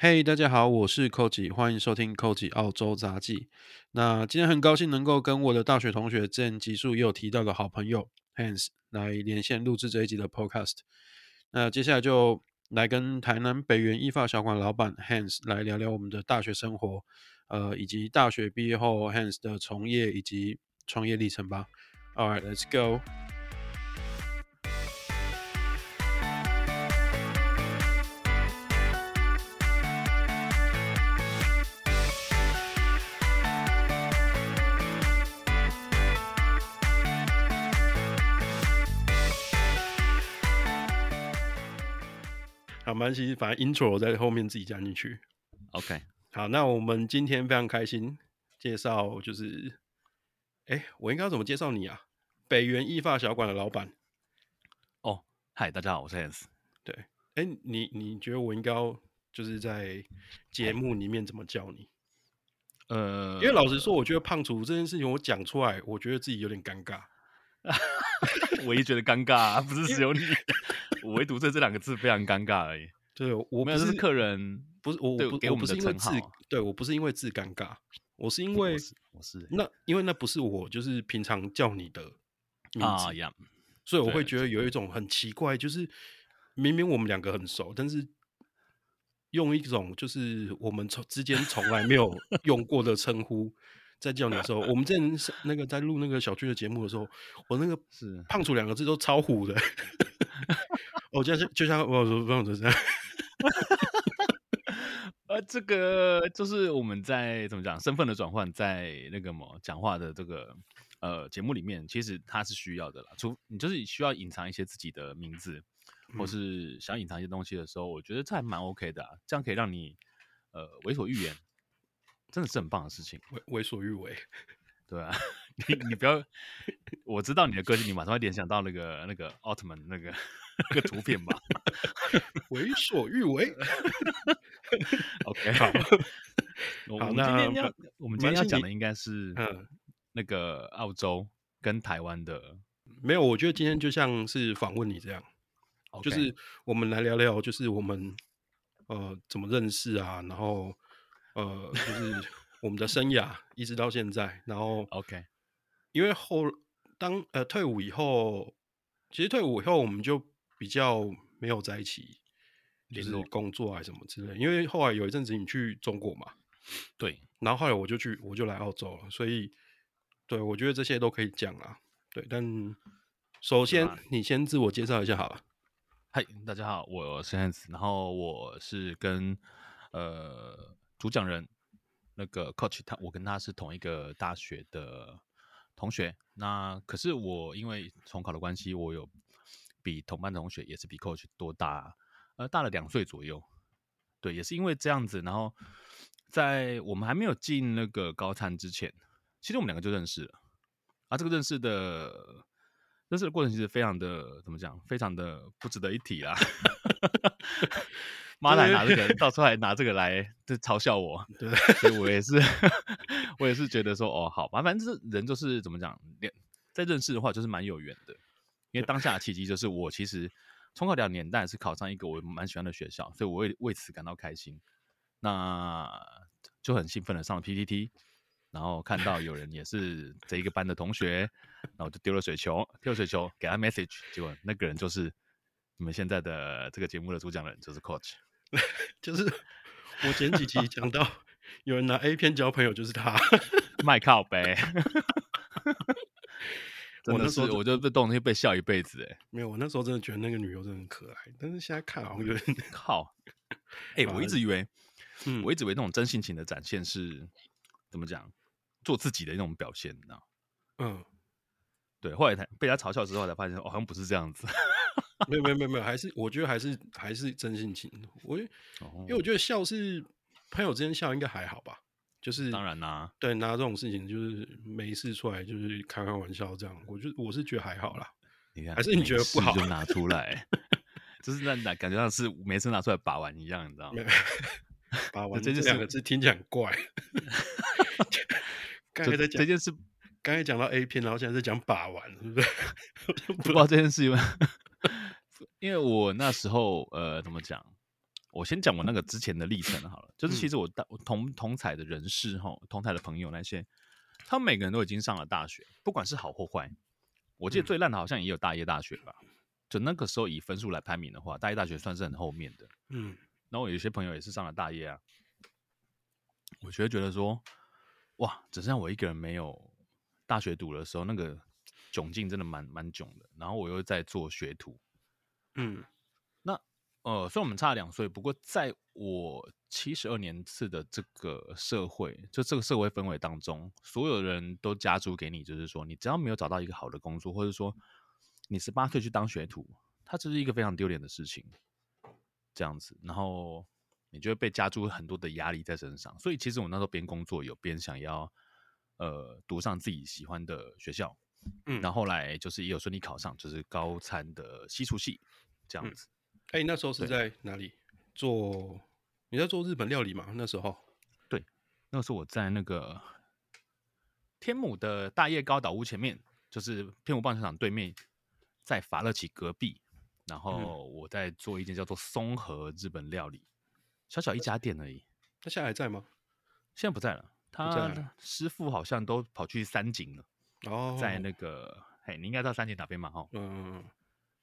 Hey，大家好，我是 Koji，歡迎收聽 Koji 澳洲雜記。那今天很高興能夠跟我的大學同學兼前幾集有提到的好朋友 Hands 來連線錄製這一集的 Podcast。那接下來就來跟台南北園義法小館老闆 Hands 來聊聊我們的大學生活，呃，以及大學畢業後 Hands 的從業以及創業歷程吧。Alright，let's go。沒關係，反正 intro 在後面自己加進去。OK，好，那我們今天非常開心介紹，就是，哎、欸，我應該怎麼介紹你啊？北園義法小館的老板。哦、oh,，Hi，大家好，我是 S。對，哎、欸，你你覺得我應該就是在節目裡面怎麼叫你？呃、hey.，因為老實說，我覺得胖廚這件事情我講出來，我覺得自己有點尷尬。 我也覺得尷尬、啊，不是只有你。 唯 獨這這兩個字非常尷尬而已。對，我們是，是客人，不是我，我，不我、啊，我不是因為字，對我不是因為字尷尬，我是因為我是，我是那因為那不是我，就是平常叫你的名字，oh, yeah. 所以我會覺得有一種很奇怪，就是明明我們兩個很熟，但是用一種就是我們從之間從來沒有用過的稱呼 在叫你的時候，我們之前那個在錄那個小軍的節目的時候，我那個胖楚兩個字都超虎的。 哦，這樣就像我說不用說這樣，哦、 呃，這個就是我們在怎麼講身份的轉換，在那個麼講話的這個呃節目裡面，其實它是需要的啦。除你就是需要隱藏一些自己的名字，或是想隱藏一些東西的時候，我覺得這還蠻 OK 的、啊，這樣可以讓你呃為所欲言，真的是很棒的事情，為為所欲為，對啊。 你你不要，我知道你的個性，你馬上會聯想到那個那個奧特曼那個那個圖片吧？ 為所欲為。OK， 好。好，那我們今天要講的應該是，嗯，那個澳洲跟台灣的。沒有，我覺得今天就像是訪問你這樣，OK。就是我們來聊聊，就是我們呃怎麼認識啊，然後呃就是我們的生涯一直到現在，然後 OK。因為後當呃退伍以後，其實退伍以後我們就比較沒有在一起，就是工作還什麼之類，就是。因為後來有一陣子你去中國嘛，對，然後後來我就去我就來澳洲了，所以對，我覺得這些都可以講啊。對，但首先你先自我介紹一下好了。嗨，hey, 大家好，我是 Hands，然後我是跟呃主講人那個 coach 他，我跟他是同一個大學的同學，那可是我因為重考的關係，我有比同班同學也是比 coach 多大，呃，大了兩歲左右。對，也是因為這樣子，然後在我們還沒有進那個高餐之前，其實我們兩個就認識了。啊，這個認識的，認識的過程其實非常的，怎麼講，非常的不值得一提啦。哈哈哈。媽來拿這個 到處來拿這個來，嘲笑我。對不對？所以我也是， 我也是覺得說，哦，好吧，反正就是人就是怎麼講，在認識的話就是蠻有緣的。因為當下的契機就是，我其實重考兩年代是考上一個我蠻喜歡的學校，所以我為為此感到開心。那就很興奮的上了 PTT，然後看到有人也是這一個班的同學， 然後就丟了水球，丟了水球給他 message，結果那個人就是你們現在的這個節目的主講的人，就是 Coach。 就是我前幾集講到有人拿 A 片交朋友，就是他賣 別靠杯杯笑。 我那時候我就被動，被笑一輩子哎。沒有，我那時候真的覺得那個女優真的很可愛，但是現在看好像有點 靠。哎、欸，我一直以為 嗯，我一直以為那種真性情的展現是怎麼講，做自己的那種表現你知道，嗯，對。後來被他嘲笑之後，才發現、哦、好像不是這樣子。 沒 有，沒有沒有沒有，還是我覺得還是還是真性情。我覺得哦，哦，因為我覺得笑是朋友之間笑應該還好吧，就是當然啦、啊。對，拿這種事情就是沒事出來就是開開玩笑這樣，我就我是覺得還好啦。你看，還是你覺得不好就拿出來， 就是拿拿感覺上是每次拿出來把玩一樣，你知道嗎？ 把玩，這兩個字聽起來很怪。剛 才這件事，剛才講到 A 片，然後現在在講把玩，對不對？我不知道這件事有 因為我那時候，呃，怎麼講？我先講我那個之前的歷程好了。就是其實我大，我同同台的人士哈，同台的朋友那些，他們每個人都已經上了大學，不管是好或壞。我記得最爛的，好像也有大業大學吧？嗯。就那個時候以分數來排名的話，大業大學算是很後面的。嗯。然後有些朋友也是上了大業啊。我就會覺得說，哇，只剩下我一個人沒有大學讀的時候，那個窘境真的蠻蠻窘的。然後我又在做學徒。嗯，那呃，雖然我們差了兩歲，不過在我七十二年次的這個社會，就這個社會氛圍當中，所有人都加諸給你，就是說你只要沒有找到一個好的工作，或者說你十八歲去當學徒，它就是一個非常丟臉的事情。這樣子，然後你就會被加諸很多的壓力在身上。所以其實我那時候邊工作有邊想要呃讀上自己喜歡的學校，嗯，然後來就是也有順利考上，就是高餐的西廚系。這樣子，哎、嗯欸，那時候是在哪裡做？你在做日本料理嗎那時候？對，那時候我在那個天母的大葉高島屋前面，就是天母棒球場對面，在法樂琪隔壁。然後我在做一間叫做松和日本料理，小小一家店而已。那、欸、現在還在嗎？現在不在了，他在了師傅好像都跑去三井了。哦，在那個，哦、嘿你應該知道三井哪邊嘛？嗯嗯，嗯。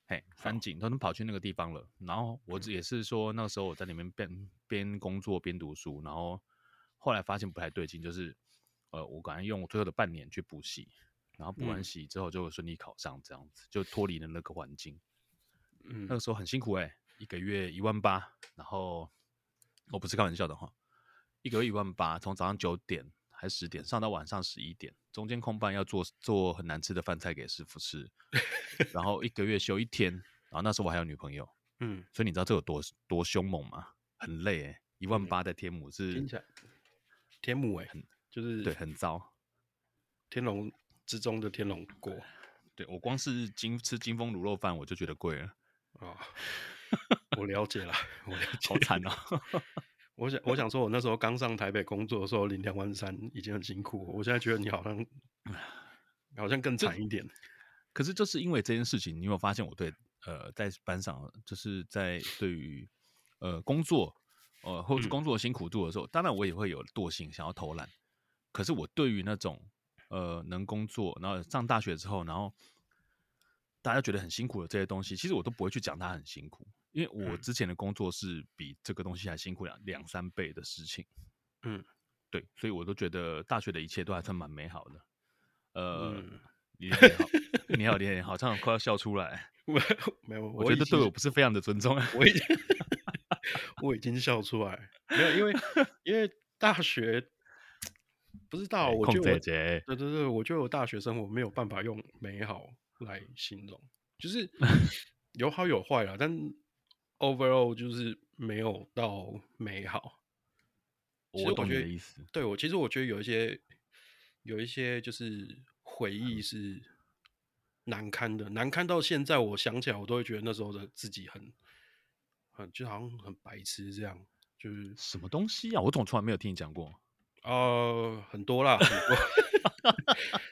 嘿，三井他們跑去那個地方了。然後我也是說，那個時候我在裡面邊邊工作邊讀書。然後後來發現不太對勁，就是呃，我感覺用我最後的半年去補習。然後補完習之後就順利考上，這樣子、嗯、就脫離了那個環境。嗯，那個時候很辛苦哎、欸，一個月一萬八。然後我不是開玩笑的哈，一個月一萬八，從早上九點十點上到晚上十一點，中間空班要做做很難吃的飯菜給師傅吃， 然後一個月休一天，然後那時候我還有女朋友，嗯，所以你知道這有多多凶猛嗎？很累、欸，一萬八的天母是天母哎、欸，很就是對很糟，天龍之中的天龍鍋對，對我光是金吃金峰滷肉飯我就覺得貴了、哦，我了解了，我了解，好慘哦 我想，我想說，我那時候剛上台北工作的時候，領兩萬三已經很辛苦。我現在覺得你好像，好像更慘一點。可是就是因為這件事情，你有沒有發現我對呃，在班上，就是在對於呃工作，呃或者工作辛苦度的時候、嗯，當然我也會有惰性，想要偷懶。可是我對於那種呃能工作，然後上大學之後，然後大家覺得很辛苦的這些東西，其實我都不會去講，它很辛苦。因為我之前的工作是比這個東西還辛苦兩兩三倍的事情，嗯，對，所以我都覺得大學的一切都還算蠻美好的。呃，嗯、你好，你好， 你好，你好，你好，常常快要笑出來。我，沒有，我覺得對我不是非常的尊重。我已經，我已經笑出來了。 沒有，因為，因為大學， 不知道，對對對，我覺得我大學生活沒有辦法用美好來形容，就是有好有壞了，但。Overall 就是沒有到美好。我，覺得我懂你的意思。對我其實我覺得有一些有一些就是回憶是難堪的，難堪到現在，我想起來我都會覺得那時候的自己很很就好像很白痴這樣。就是什麼東西啊？我怎麼從來沒有聽你講過。呃，很多啦，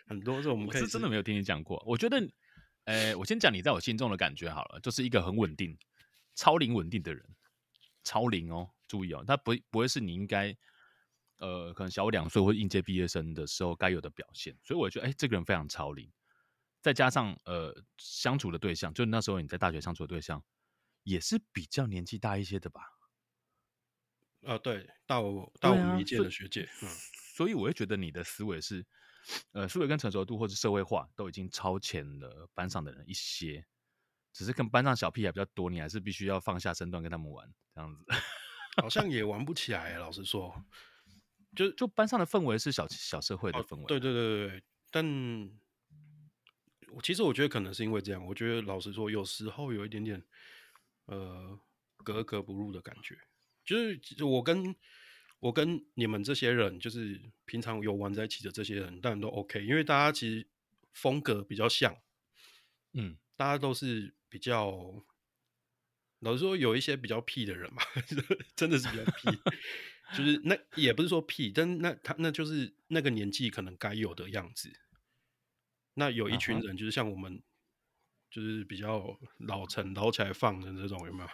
很多這種 我，我是真的沒有聽你講過。我覺得，欸、我先講你在我心中的感覺好了，就是一個很穩定。 超齡穩定的人，超齡哦，注意哦，他不不會是你應該，呃，可能小我兩歲或應屆畢業生的時候該有的表現。所以我也覺得，哎、欸，這個人非常超齡。再加上，呃，相處的對象，就是那時候你在大學相處的對象，也是比較年紀大一些的吧？啊，對，大我大我們一屆的學姐、啊嗯。所以我會覺得你的思維是，呃，思維跟成熟度或者社會化都已經超前了班上的人一些。只是跟班上小屁孩比較多，你還是必須要放下身段跟他們玩，這樣子 好像也玩不起來、欸。老實說，就就班上的氛圍是小小社會的氛圍、啊，對對對對，但，其實我覺得可能是因為這樣，我覺得老實說，有時候有一點點呃格格不入的感覺。就是就我跟我跟你們這些人，就是平常有玩在一起的這些人，當然都 OK，因為大家其實風格比較像，嗯，大家都是。比較老實說，有一些比較屁的人嘛，真的是比較屁， 就是那也不是說屁，但那他那就是那個年紀可能該有的樣子。那有一群人，就是像我們、啊，就是比較老成、老起來放的這種，有沒有？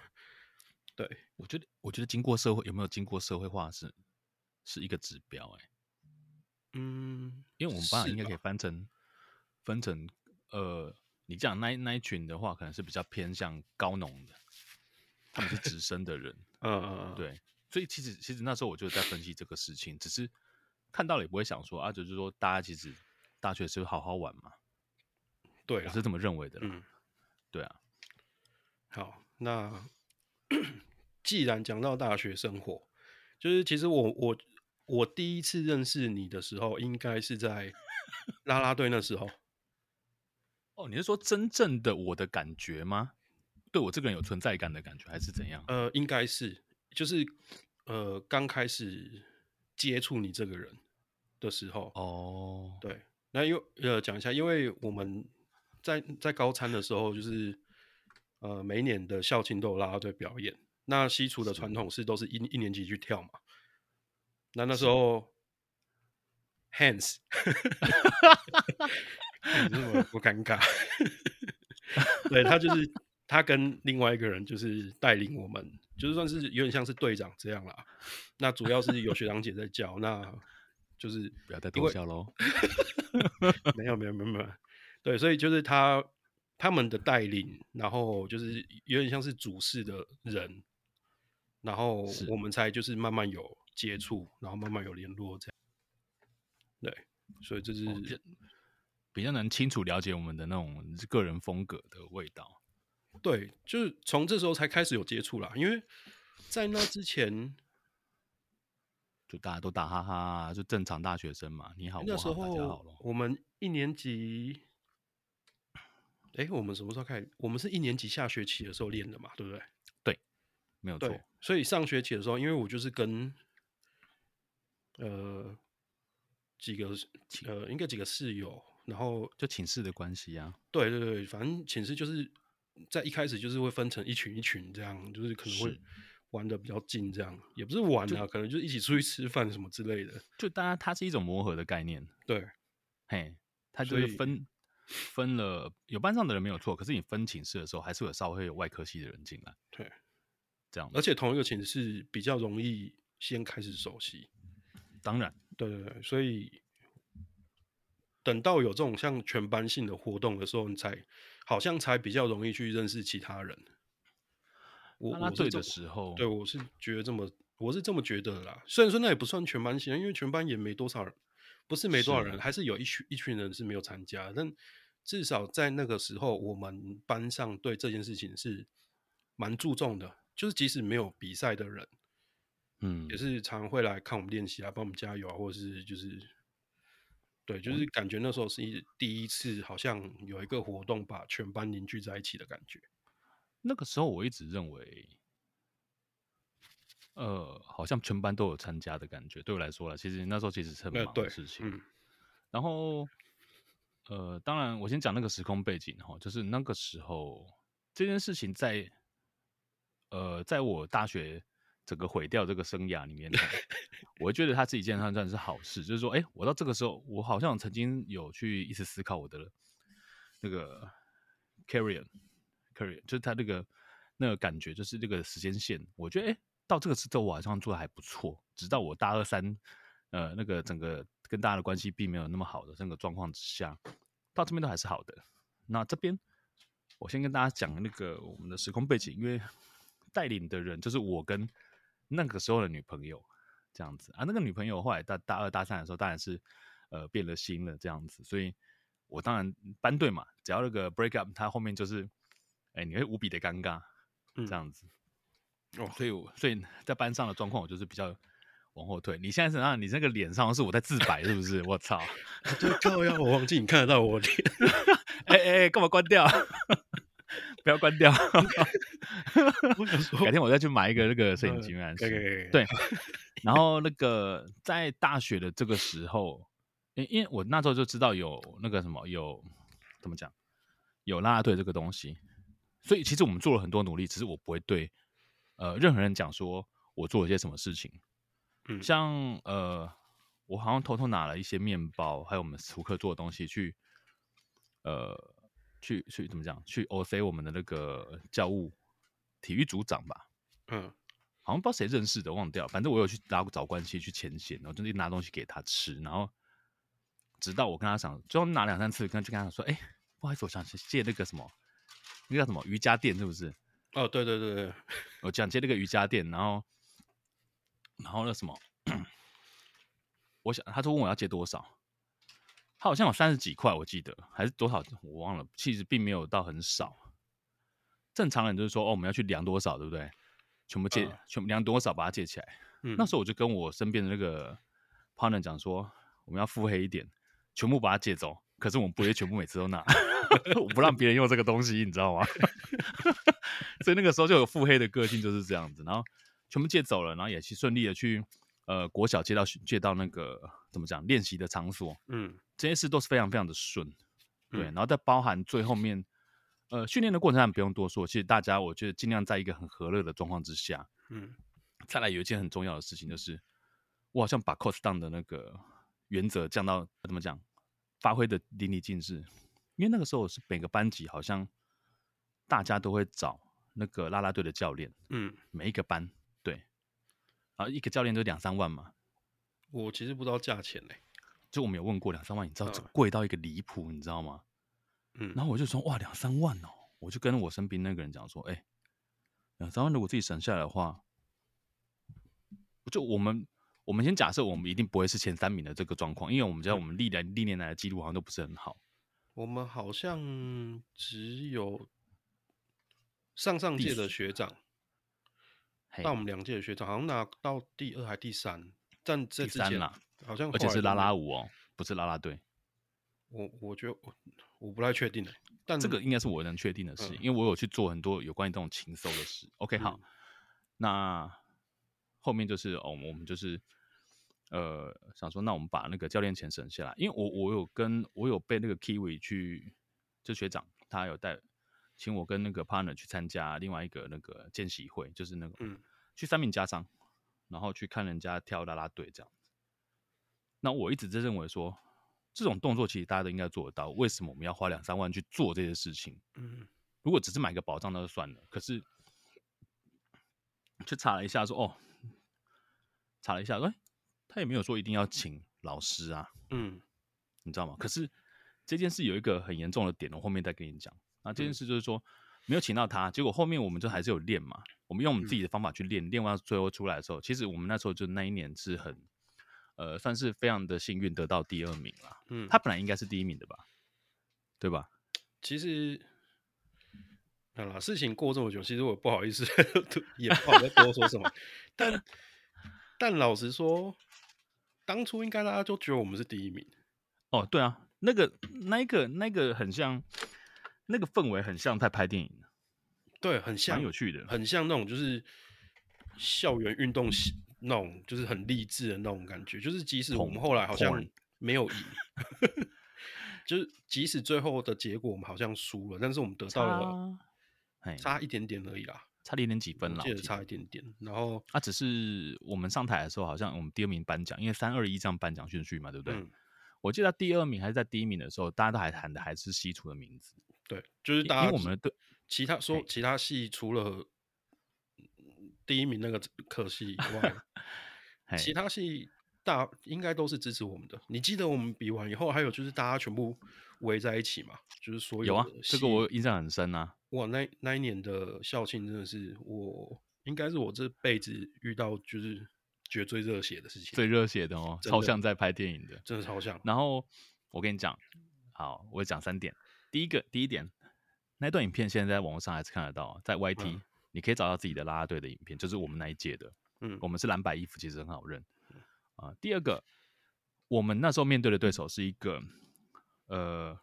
對。我覺得，我覺得經過社會有沒有經過社會化是是一個指標哎、欸。嗯，因為我們班應該可以分成分、啊、成呃。你講那一那一群的話，可能是比較偏向高農的，他們是直升的人，嗯 嗯，對，所以其實其實那時候我就在分析這個事情，只是看到了也不會想說，啊，就是說大家其實大學時候好好玩嘛，對，我是這麼認為的啦，嗯，對啊，好，那 既然講到大學生活，就是其實我我我第一次認識你的時候，應該是在拉拉隊那時候。 哦，你是說真正的我的感覺嗎？對我這個人有存在感的感覺，還是怎樣？呃，應該是，就是呃，剛開始接觸你這個人的時候，哦，對，那因為呃，講一下，因為我們在在高餐的時候，就是呃，每年的校慶都有拉拉隊表演。那西廚的傳統是都是一是一年級去跳嘛，那那時候，hands。 不、啊、尷尬， 對，他就是他跟另外一個人就是帶領我們，就是算是有點像是隊長這樣啦。那主要是有學長姐在教，那就是不要再多笑嘍。 沒有沒有沒有沒有，對，所以就是他他們的帶領，然後就是有點像是主事的人，然後我們才就是慢慢有接觸，然後慢慢有聯絡這樣。對，所以就是。哦比較能清楚了解我們的那種個人風格的味道，對，就是從這時候才開始有接觸啦，因為在那之前 就大家都打哈哈，就正常大學生嘛。你好，那時候我好，大家好囉，我們一年級，哎、欸，我們什麼時候開始？我們是一年級下學期的時候練的嘛，對不對？對，沒有錯。所以上學期的時候，因為我就是跟呃幾個呃應該幾個室友。然後就寢室的關係啊，對對對，反正寢室就是在一開始就是會分成一群一群這樣，就是可能會玩得比較近，這樣也不是玩啊，可能就是一起出去吃飯什麼之類的。就大家它是一種磨合的概念，對，嘿，它就是分分了，有班上的人沒有錯，可是你分寢室的時候，還是有稍微會有外科系的人進來，對，這樣。而且同一個寢室比較容易先開始熟悉，當然，對對對，所以。等到有這種像全班性的活動的時候，你才好像才比較容易去認識其他人。我這個時候對，對，我是覺得這麼，我是這麼覺得啦。雖然說那也不算全班性，因為全班也沒多少人，不是沒多少人，是還是有一群一群人是沒有參加。但至少在那個時候，我們班上對這件事情是蠻注重的，就是即使沒有比賽的人，嗯，也是常，常會來看我們練習啊，幫我們加油啊，或者是就是。對，就是感覺那時候是一、嗯、第一次，好像有一個活動把全班凝聚在一起的感覺。那個時候我一直認為，呃，好像全班都有參加的感覺。對我來說了，其實那時候其實是很忙的事情。嗯、然後，呃，當然我先講那個時空背景哈，就是那個時候這件事情在，呃，在我大學。整個毀掉這個生涯裡面 我覺得他自己健康算是好事，就是說，哎，我到這個時候，我好像曾經有去一直思考我的那個 career career，就是他那個那個感覺，就是這個時間線，我覺得，哎，到這個時候，我好像做的還不錯，直到我大二三，呃，那個整個跟大家的關係並沒有那麼好的那、這個狀況之下，到這邊都還是好的。那這邊我先跟大家講那個我們的時空背景，因為帶領的人就是我跟。那個時候的女朋友這樣子啊，那個女朋友後來大大二大三的時候，當然是呃變了心了這樣子，所以我當然班對嘛，只要那個 break up，她後面就是，哎、欸，你會無比的尷尬，這樣子，嗯。哦，所以我所以在班上的狀況，我就是比較往後退。你現在是樣、啊？你那個臉上是我在自白是不是？ 我操！對呀，我忘記你看得到我臉。哎哎，幹嘛關掉？ 不要關掉 改天我再去買一個那個攝影機。沒關係，對，然後那個在大學的這個時候，因因為我那時候就知道有那個什麼，有怎麼講，有拉拉隊這個東西，所以其實我們做了很多努力，只是我不會對呃任何人講說我做了些什麼事情。像呃，我好像偷偷拿了一些麵包，還有我們熟客做的東西去呃。去去怎麼講？去 o c 我們的那個教務體育組長吧，嗯，好像不知道誰認識的，我忘掉了。反正我有去拿找，找關係去牽線，然後就是拿東西給他吃，然後直到我跟他講，最後拿兩三次，跟就跟他說，哎、欸，不好意思，我想借那個什麼，那叫什麼瑜伽墊是不是？哦，對對對對， 我想借那個瑜伽墊，然後然後那什麼， 我想，他就問我要借多少。它好像有三十幾塊，我記得還是多少，我忘了。其實並沒有到很少。正常人就是說，哦，我們要去量多少，對不對？全部借，uh. 全部量多少，把它借起來。嗯。那時候我就跟我身邊的那個 partner 講說，我們要腹黑一點，全部把它借走。可是我們不會全部每次都拿， 我不讓別人用這個東西， 你知道嗎？ 所以那個時候就有腹黑的個性就是這樣子。然後全部借走了，然後也是順利的去呃國小借到借到那個怎麼講練習的場所，嗯。這些事都是非常非常的順，對，嗯、然後再包含最後面，呃，訓練的過程上不用多說。其實大家，我覺得儘量在一個很和樂的狀況之下，嗯，再來有一件很重要的事情，就是我好像把 cost down 的那個原則降到怎麼講，發揮的淋漓盡致。因為那個時候是每個班級好像大家都會找那個啦啦隊的教練，嗯，每一個班對，然後，一個教練都兩三萬嘛。我其實不知道價錢嘞、欸。就我們有問過兩三萬，你知道貴到一個離譜，嗯，你知道嗎？然後我就說哇，兩三萬哦，喔，我就跟我身邊那個人講說，哎，欸，兩三萬如果自己省下來的話，就我們我們先假設我們一定不會是前三名的這個狀況，因為我們知道我們歷來、嗯、歷年來的記錄好像都不是很好。我們好像只有上上屆的學長，到我們兩屆的學長好像拿到第二還第三，占這三啦。好像而且是啦啦舞哦，不是啦啦隊。我我覺得我，我不太確定，但這個應該是我能確定的事、嗯、因為我有去做很多有關於這種情搜的事。OK，、嗯、好，那後面就是哦，我們就是呃想說，那我們把那個教練錢省下來，因為我我有跟我有被那個 Kiwi 去，就學長他有帶請我跟那個 partner 去參加另外一個那個見習會，就是那個嗯去三民家商，然後去看人家跳啦啦隊這樣。那我一直在認為說，這種動作其實大家都應該做得到，為什麼我們要花兩三萬去做這些事情？嗯，如果只是買個保障那就算了，可是就查了一下說，哦，查了一下說、欸，他也沒有說一定要請老師啊，嗯，你知道嗎？可是這件事有一個很嚴重的點，我後面再跟你講。那這件事就是說沒有請到他，結果後面我們就還是有練嘛，我們用我們自己的方法去練，練完最後出來的時候，其實我們那時候就那一年是很。呃，算是非常的幸運，得到第二名了。嗯，他本來應該是第一名的吧？嗯、對吧？其實，好了、啊，事情過這麼久，其實我也不好意思，呵呵也不好再多說什麼。 但但老實說，當初應該大家就覺得我們是第一名。哦，對啊，那個、那個、那個很像，那個氛圍很像在拍電影。對，很像，有趣的，很像那種就是校園運動戲。那種就是很勵志的那種感覺，就是即使我們後來好像沒有贏， 就是即使最後的結果我們好像輸了，但是我們得到了，哎，差一點點而已啦，差零點幾分啦，差一點點。然後，啊，只是我們上台的時候好像我們第二名頒獎，因為三二一這樣頒獎順序嘛，對不對？嗯，我記得他第二名還是在第一名的時候，大家都還喊的還是西楚的名字。對，就是大家因為我們的其他說其他戲除了，第一名那個可惜忘 其他系大應該都是支持我們的。你記得我們比完以後，還有就是大家全部圍在一起嘛？就是所有有啊，這個我印象很深啊。哇，那那一年的校慶真的是我，應該是我這輩子遇到就是覺得最熱血的事情，最熱血的哦的，超像在拍電影的，真的，真的超像。然後我跟你講，好，我講三點。第一個，第一點，那段影片現在在網絡上還是看得到，在 YT、嗯。你可以找到自己的啦啦隊的影片，就是我們那一屆的，嗯，我們是藍白衣服，其實很好認、嗯、啊。第二個，我們那時候面對的對手是一個，呃，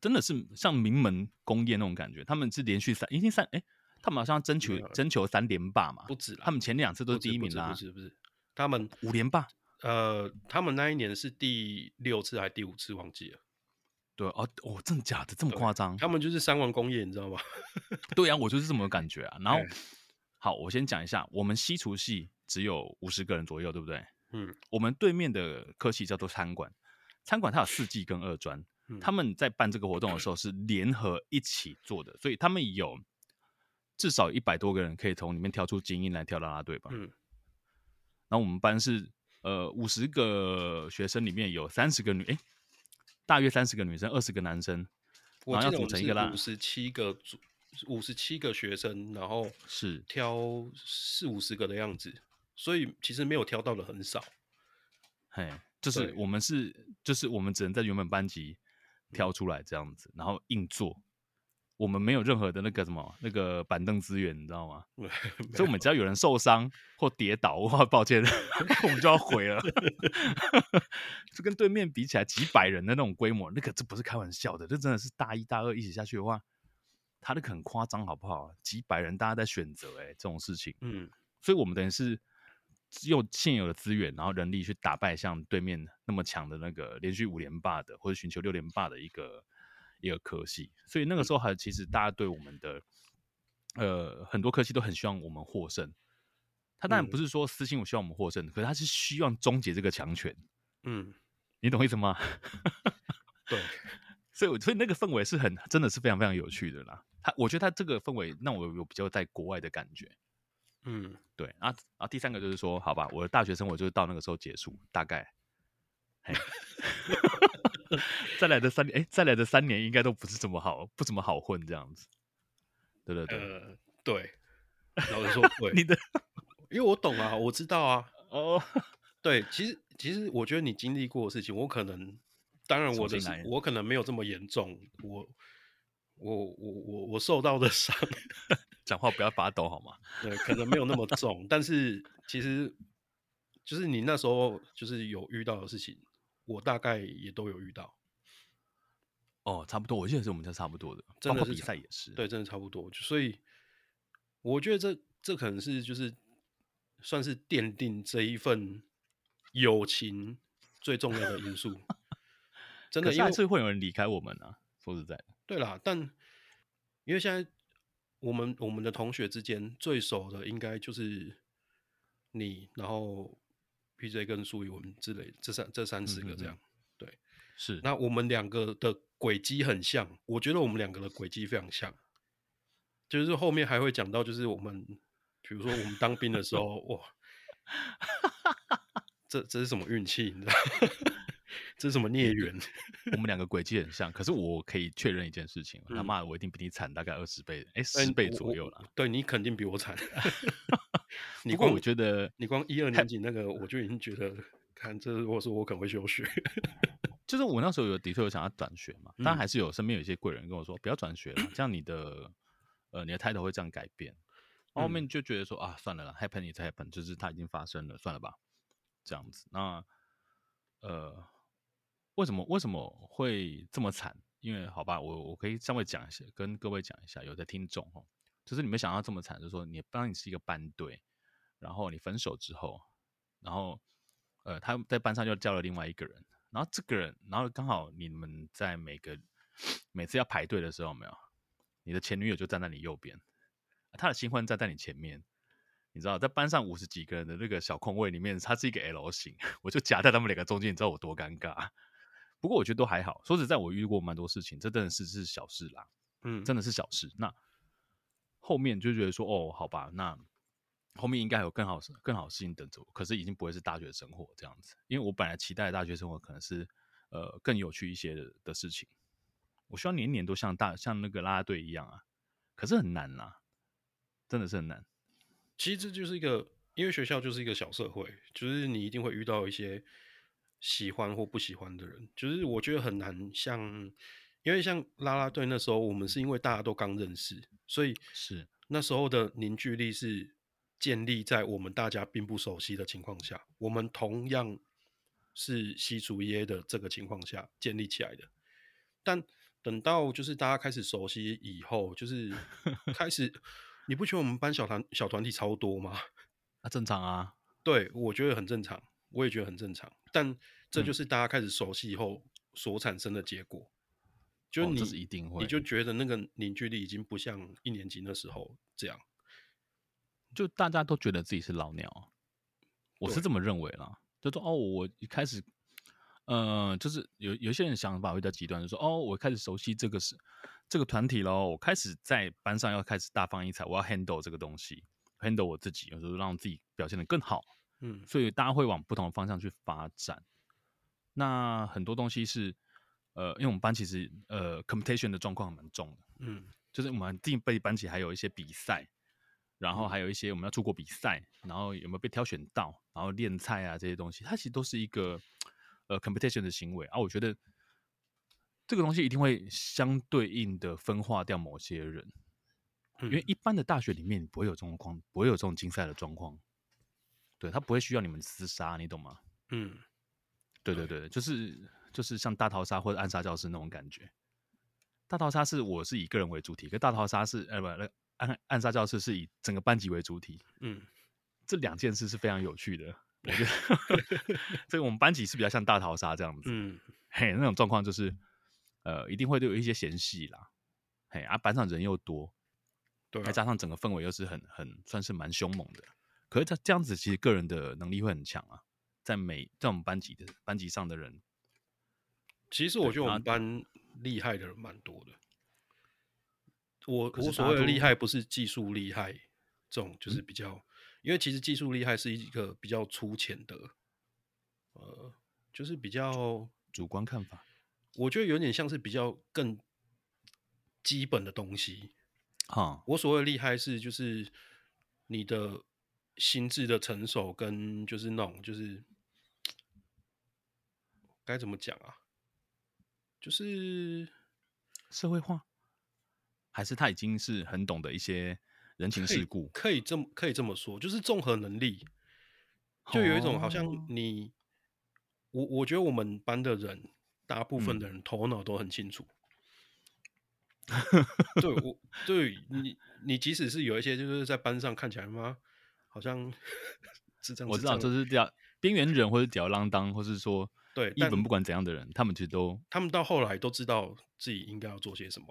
真的是像名門工業那種感覺。他們是連續三，已經三，哎、欸，他們馬上要爭取爭取三連霸嘛，不止啦，他們前兩次都是第一名啦、啊，是不是，他們五連霸，呃，他們那一年是第六次還是第五次忘記了。對啊，哦，真的假的這麼誇張？他們就是三王工業，你知道嗎 對啊，我就是這麼感覺啊。然後、欸，好，我先講一下，我們西廚系只有五十個人左右，對不對？嗯。我們對面的科系叫做餐館，餐館它有四技跟二專，嗯、他們在辦這個活動的時候是聯合一起做的，所以他們有至少一百多個人可以從裡面挑出精英來挑啦啦隊吧。嗯。然後我們班是呃五十個學生裡面有三十個女，欸大約三十個女生，二十個男生，然後要組成一個啦。五十七個組，五十七個學生，然後是挑四五十個的樣子，所以其實沒有挑到的很少。嘿，就是我們是，就是我們只能在原本班級挑出來這樣子，嗯、然後硬做。我們沒有任何的那個什麼那個板凳資源，你知道嗎？ 所以我們只要有人受傷或跌倒的話，抱歉 我們就要回了。 就跟對面比起來，幾百人的那種規模，那個這不是開玩笑的，這真的是大一、大二一起下去的話，它那個很誇張，好不好？幾百人大家在選擇，哎，這種事情，嗯，所以我們等於是用現有的資源，然後人力去打敗像對面那麼強的那個連續五連霸的，或者尋求六連霸的一個。一個科系，所以那個時候還其實大家對我們的，嗯、呃，很多科系都很希望我們獲勝。他當然不是說私心我希望我們獲勝、嗯，可是他是希望終結這個強權。嗯，你懂意思嗎？嗯、 對，所以所以那個氛圍是很真的是非常非常有趣的啦。他我覺得他這個氛圍讓我有比較在國外的感覺。嗯，對啊，啊！第三個就是說，好吧，我的大學生活就到那個時候結束，大概。嗯 再來的三年哎、欸，再來的三年應該都不是這麼好，不怎麼好混這樣子。對對對，呃、對，老實說， 你的，因為我懂啊，我知道啊。哦， 對，其實其實我覺得你經歷過的事情，我可能，當然我、就是、的我可能沒有這麼嚴重。我我我我我受到的傷，講 話不要發抖好嗎？對，可能沒有那麼重， 但是其實，就是你那時候就是有遇到的事情。我大概也都有遇到，哦，差不多，我記得是我們家差不多的，真的比賽也是，對，真的差不多。所以我覺得這這可能是就是算是奠定這一份友情最重要的因素。 真的，下次會有人離開我們啊？說實在的，對啦，但因為現在我們我們的同學之間最熟的應該就是你，然後。BJ 跟蘇宇文之類，這三這三十個這樣，嗯哼哼，對，是。那我們兩個的軌跡很像，我覺得我們兩個的軌跡非常像。就是後面還會講到，就是我們，比如說我們當兵的時候， 哇，這這是什麼運氣？你知道這是什麼孽緣？ 我們兩個軌跡很像，可是我可以確認一件事情，嗯、他媽的，我一定比你慘大概二十倍，哎、欸，十、欸、倍左右了。對你肯定比我慘、啊。 你光我覺得，你光一二年級那個，我就已經覺得，看這如果說我可能會休學， 就是我那時候有的確有想要轉學嘛，嗯，但還是有身邊有一些貴人跟我說，嗯、不要轉學了，這樣你的呃你的 title 會這樣改變。後面就覺得說、嗯、啊，算了啦 happen is happen 就是它已經發生了，算了吧，這樣子。那呃，為什麼為什麼會這麼慘？因為好吧，我我可以稍微講一下，跟各位講一下，有的聽眾、哦就是你沒想到這麼慘，就是說，你當你是一個班隊，然後你分手之後，然後，呃，他在班上就叫了另外一個人，然後這個人，然後剛好你們在每個每次要排隊的時候，沒有，你的前女友就站在你右邊，他的新歡站在你前面，你知道，在班上五十幾個人的那個小空位裡面，他是一個 L 型，我就夾在他們兩個中間，你知道我多尷尬。不過我覺得都還好，說實在，我遇過蠻多事情，這真的是是小事啦，嗯，真的是小事、嗯。那。後面就覺得說哦，好吧，那後面應該有更好，更好的事情等着我。可是已經不會是大學生活這樣子，因為我本來期待大學生活可能是呃更有趣一些的的事情。我希望年年都像大像那個拉拉隊一樣啊，可是很難吶，啊，真的是很難。其實這就是一個，因為學校就是一個小社會，就是你一定會遇到一些喜歡或不喜歡的人，就是我覺得很難像。因為像啦啦隊那時候，我們是因為大家都剛認識，所以是那時候的凝聚力是建立在我們大家並不熟悉的情況下。我們同樣是西廚耶的這個情況下建立起來的。但等到就是大家開始熟悉以後，就是開始， 你不覺得我們班小團小團體超多嗎？啊，正常啊，對，我覺得很正常，我也覺得很正常。但這就是大家開始熟悉以後所產生的結果。就你、哦、是一定會，你就覺得那個凝聚力已經不像一年級的時候這樣，就大家都覺得自己是老鳥，我是這麼認為啦。就說哦，我一開始，呃，就是有有些人想法會比較極端，就是，說哦，我開始熟悉這個是這個團體咯，我開始在班上要開始大放異彩，我要 handle 這個東西，handle 我自己，有時候讓自己表現得更好。嗯，所以大家會往不同的方向去發展，那很多東西是。呃，因為我們班其實呃，competition 的狀況蠻重的，嗯，就是我們定被班級還有一些比賽，然後還有一些我們要出國比賽，然後有沒有被挑選到，然後練菜啊這些東西，它其實都是一個呃 competition 的行為啊。我覺得這個東西一定會相對應的分化掉某些人，嗯、因為一般的大學裡面不會有這種況，不會有這種競賽的狀況，對他不會需要你們廝殺，你懂嗎？嗯，對對對，okay. 就是。就是像大逃殺或者暗殺教室那種感覺。大逃殺是我是以個人為主體，可是大逃殺是呃不、呃、暗暗殺教室是以整個班級為主體。嗯，這兩件事是非常有趣的。我覺得、嗯， 所以我們班級是比較像大逃殺這樣子。嗯，嘿，那種狀況就是呃一定會都有一些嫌隙啦。嘿，啊，班上人又多，對、啊，再加上整個氛圍又是很很算是蠻兇猛的。可是這這樣子，其實個人的能力會很強啊。在每在我們班級的班級上的人。其實我覺得我們班厲害的人蠻多的。我我所謂的厲害，不是技術厲害，這種就是比較，因為其實技術厲害是一個比較粗淺的，呃，就是比較主觀看法。我覺得有點像是比較更基本的東西。啊，我所謂的厲害是就是你的心智的成熟跟就是那種就是該怎麼講啊？就是社會化，還是他已經是很懂得一些人情世故可？可以這麼可以這麼說，就是綜合能力，就有一種好像你，哦、我我覺得我們班的人，大部分的人頭腦都很清楚。嗯、對，我對你，你即使是有一些，就是在班上看起來嗎好像 是這樣。我知道是這、就是二，邊緣人，或者吊兒郎當，或是說。對，但不管怎樣的人，他們其實都，他們到後來都知道自己應該要做些什麼，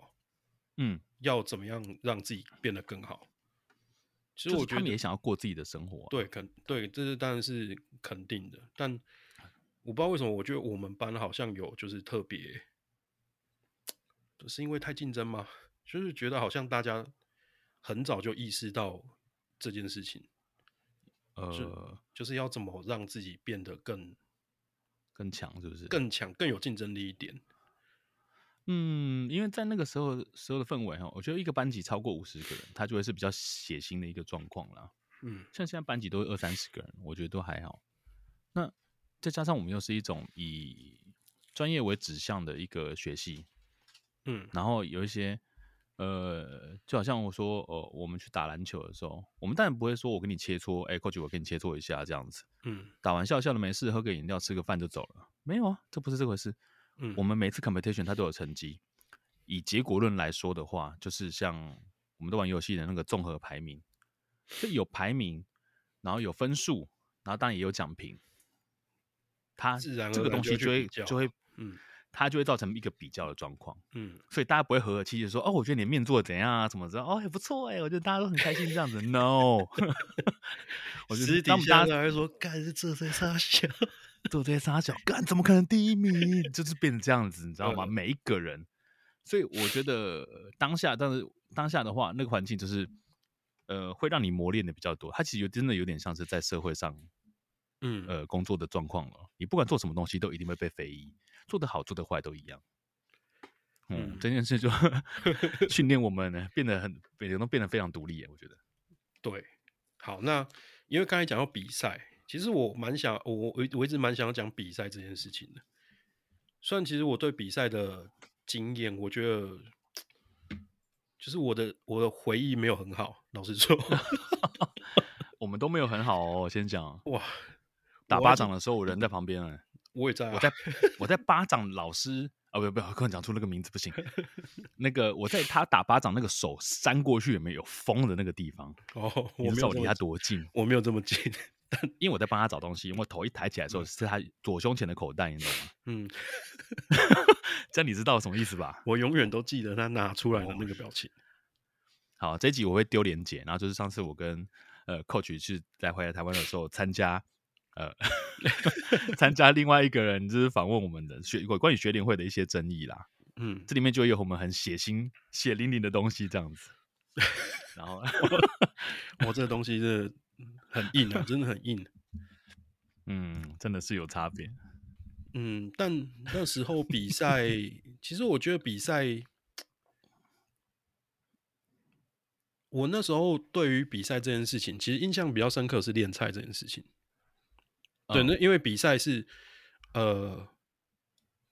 嗯，要怎麼樣讓自己變得更好。其實我覺得、就是、他們也想要過自己的生活、啊，對，肯對，這、就是當然是肯定的。但我不知道為什麼，我覺得我們班好像有就是特別，就是因為太競爭嘛，就是覺得好像大家很早就意識到這件事情，呃，就、就是要怎麼讓自己變得更。更強是不是？更強，更有競爭力一點。嗯，因為在那個時候時候的氛圍哦，我覺得一個班級超過五十個人，他就會是比較血腥的一個狀況啦。嗯，像現在班級都是二三十個人，我覺得都還好。那再加上我們又是一種以專業為指向的一個學系，嗯，然後有一些。呃，就好像我說，呃，我們去打籃球的時候，我們當然不會說，我跟你切磋，哎、欸，過去我跟你切磋一下這樣子。嗯，打完笑笑的沒事，喝個飲料，吃個飯就走了，沒有啊，這不是這回事。嗯，我們每次 competition 他都有成績，以結果論來說的話，就是像我們都玩遊戲的那個綜合排名，就有排名，然後有分數，然後當然也有獎品。他這個東西就會自然而然就，就會，就會嗯。他就會造成一個比較的狀況，嗯，所以大家不會和和氣氣地說，哦，我覺得你的面做的怎樣啊，怎麼怎樣，哦，也不錯哎、欸，我覺得大家都很開心這樣子。 No， 我覺得當我們大家會說，幹 是這在殺小， 做這些殺小，幹怎麼可能第一名？ 就是變成這樣子，你知道嗎、嗯？每一個人，所以我覺得當下，但是當下的話，那個環境就是，呃，會讓你磨練的比較多。它其實真的有點像是在社會上。嗯，呃，工作的狀況了，你不管做什麼東西，都一定會被非議，做得好，做得壞都一樣嗯。嗯，這件事就訓 練我們呢，變得很，每天都變得非常獨立。我覺得，對，好，那因為剛才講到比賽，其實我蠻想，我我我一直蠻想要講比賽這件事情的。雖然其實我對比賽的經驗，我覺得就是我的我的回憶沒有很好，老實說， 我們都沒有很好哦。我先講，哇。打巴掌的時候，我人在旁邊哎，我也在、啊。我在，我在巴掌老師 啊，不不，剛講出那個名字不行。 那個我在他打巴掌那個手扇過去有沒有，裡面有風的那個地方哦，我沒有離他多近，我沒有這麼近。但因為我在幫他找東西，因為我頭一抬起來的時候，是他左胸前的口袋，你知道嗎？嗯， 這樣你知道什麼意思吧？ 我永遠都、哦、都記得他拿出來的那個表情。好，這一集我會丟連結，然後就是上次我跟呃 Coach 去在回來台灣的時候參加。呃，參加另外一個人就是訪問我們的學會，關於學聯會的一些爭議啦。嗯，這裡面就有我們很血腥、血淋淋的東西，這樣子。然後我,我這個東西是很硬的，啊， 真的很硬。嗯，真的是有差別。嗯，但那時候比賽， 其實我覺得比賽，我那時候對於比賽這件事情，其實印象比較深刻是練菜這件事情。對，那因為比賽是，呃，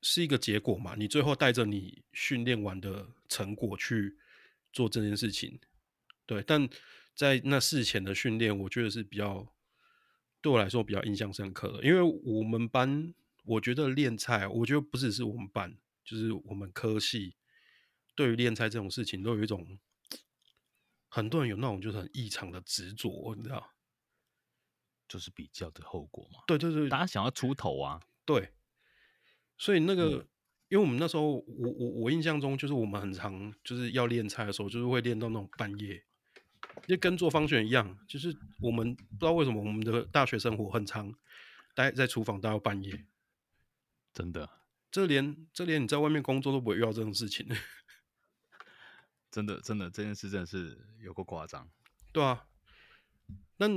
是一個結果嘛，你最後帶着你訓練完的成果去做這件事情，對，但在那事前的訓練，我覺得是比較對我來說比較印象深刻，的，因為我們班，我覺得練菜，我覺得不只是我們班，就是我們科系，對於練菜這種事情，都有一種很多人有那種就是很異常的執着，你知道。就是比較的後果嘛？對對對，大家想要出頭啊，對。所以那個，嗯、因為我們那時候，我我我印象中，就是我們很常就是要練菜的時候，就是會練到那種半夜。就跟做方選一樣，就是我們不知道為什麼我們的大學生活很常，待在廚房待到半夜。真的，這連這連你在外面工作都不會遇到這種事情。真的真的，這件事真的是有夠誇張。對啊，那。